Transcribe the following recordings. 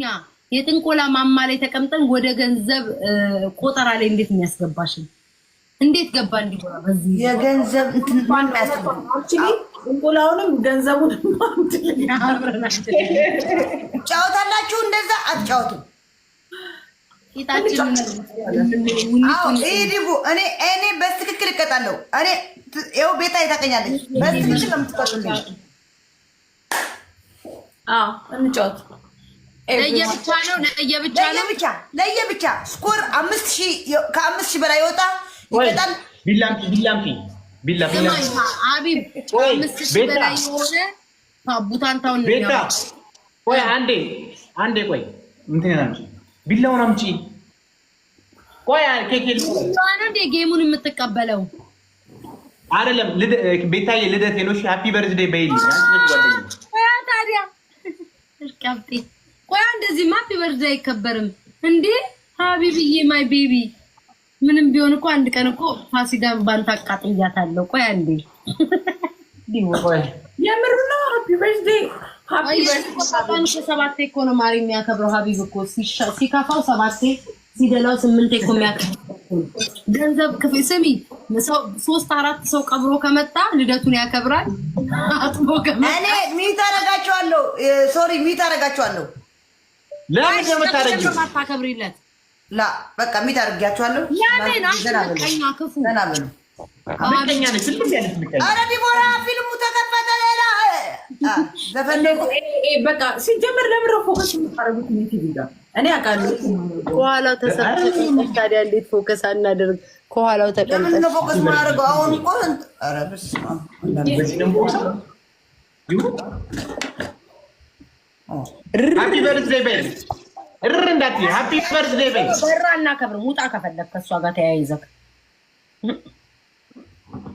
እኛ የጥንቆላ ማማ ላይ ተቀምጠን ወደ ገንዘብ ቆጠራ ላይ እንዴት የሚያስገባሽን እንዴት ገባ እንዲሆና በዚህ የገንዘብ እንትንማን ጥንቆላውንም ገንዘቡን ጫወታላችሁ። እንደዛ አትጫወቱም። ይዲቡ እኔ እኔ በትክክል እቀጣለሁ። እኔ ይኸው ቤታ የታቀኛለች በትክክል ነው የምትቀጡልኝ። እንጫወት ለየብቻ ነው ለየብቻ ለየብቻ ለየብቻ ስኮር አምስት ሺህ ከአምስት ሺህ በላይ ወጣ ቢላምፒ ቢላምፒ ቢላምፒ አቢብ ሺህ በላይ የሆነ ቡታንታውን ቤታ ቆይ አንዴ አንዴ ቆይ እንትን ቢላውን አምጪ ቆይ ኬኬል ነው እንዴ ጌሙን የምትቀበለው አይደለም። ቤታዬ ልደቴ ነው። በርዝዴ በይልኝ ታዲያ ቆያ እንደዚህ ማ ሃፒ አይከበርም እንዴ? ሀቢብዬ ማይ ቤቢ ምንም ቢሆን እኮ አንድ ቀን እኮ ፋሲካ ባንታ አቃጥያታለሁ። ቆያ እንዴ የምር ነው። ሃፒ በርዝዴ ሃፒ ሰባቴ እኮ ነው ማሪ የሚያከብረው። ሀቢብ እኮ ሲከፋው ሰባቴ ሲደላው ስምንቴ እኮ የሚያከብረው ገንዘብ ክፍ ስሚ ሶስት አራት ሰው ቀብሮ ከመጣ ልደቱን ያከብራል። አጥቦ ከመጣ እኔ ሚት ሶሪ ሚት ለምን የምታደርጊው? ማታከብሪለት ላ በቃ ሚት አድርጊያቸዋለሁ። ለምን አሽቀኛ ክፉ ዲቦራ ፊልሙ ተከፈተ። ሌላ በቃ ሲጀምር ለምን ፎከስ የምታደርጉት ቲቪ ጋር? እኔ አውቃለሁ። ከኋላው ተሰብሰብ። ታዲያ እንዴት ፎከስ አናደርግ? ከኋላው ተቀምጠን ፎከስ የማደርገው? አሁን እኮ ሀፒ በርዝዴ በይ፣ እር እንዳትዪ። ሀፒ በርዝዴ በይ። በራ እናከብርም። ውጣ ከፈለግ ከእሷ ጋር ተያይዘህ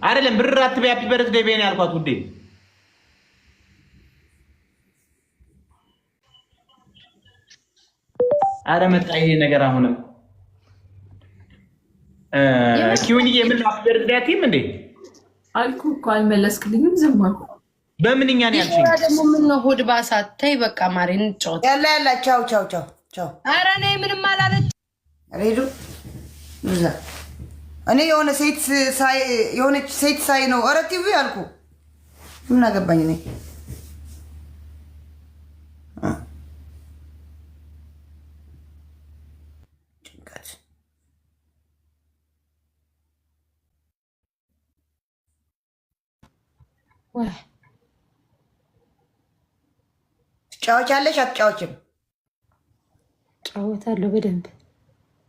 አይደለም። ብር አትበይ። ሀፒ በርዝዴ በይ ያልኳት ውዴ። አረ መጣ ይሄ ነገር አሁንም ኪዩኒ የምን ሀፒ እንዴ? አልኩህ እኮ አልመለስክልኝም። ዝም አልኩህ በምንኛ ነው ያልሽኝ? ደግሞ ምን ነው ሆድ ባሳት። ተይ በቃ ማሬ እንጫወት። ያለ ያለ። ቻው ቻው ቻው ቻው። ኧረ እኔ ምንም አላለች። ሬዱ ብዛ እኔ የሆነ ሴት ሳይ የሆነች ሴት ሳይ ነው። ኧረ ቲቪ አልኩ። ምን አገባኝ እኔ ወይ ትጫወቻለሽ አትጫወችም? ጫወታለሁ በደንብ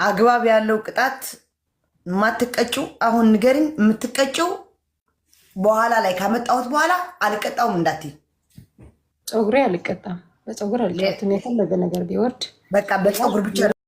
አግባብ ያለው ቅጣት የማትቀጭው አሁን ንገሪኝ። የምትቀጭው በኋላ ላይ ካመጣሁት በኋላ አልቀጣውም እንዳትይ። ጸጉሬ አልቀጣም፣ በጸጉር አልጫወትም። የፈለገ ነገር ቢወርድ በቃ በጸጉር ብቻ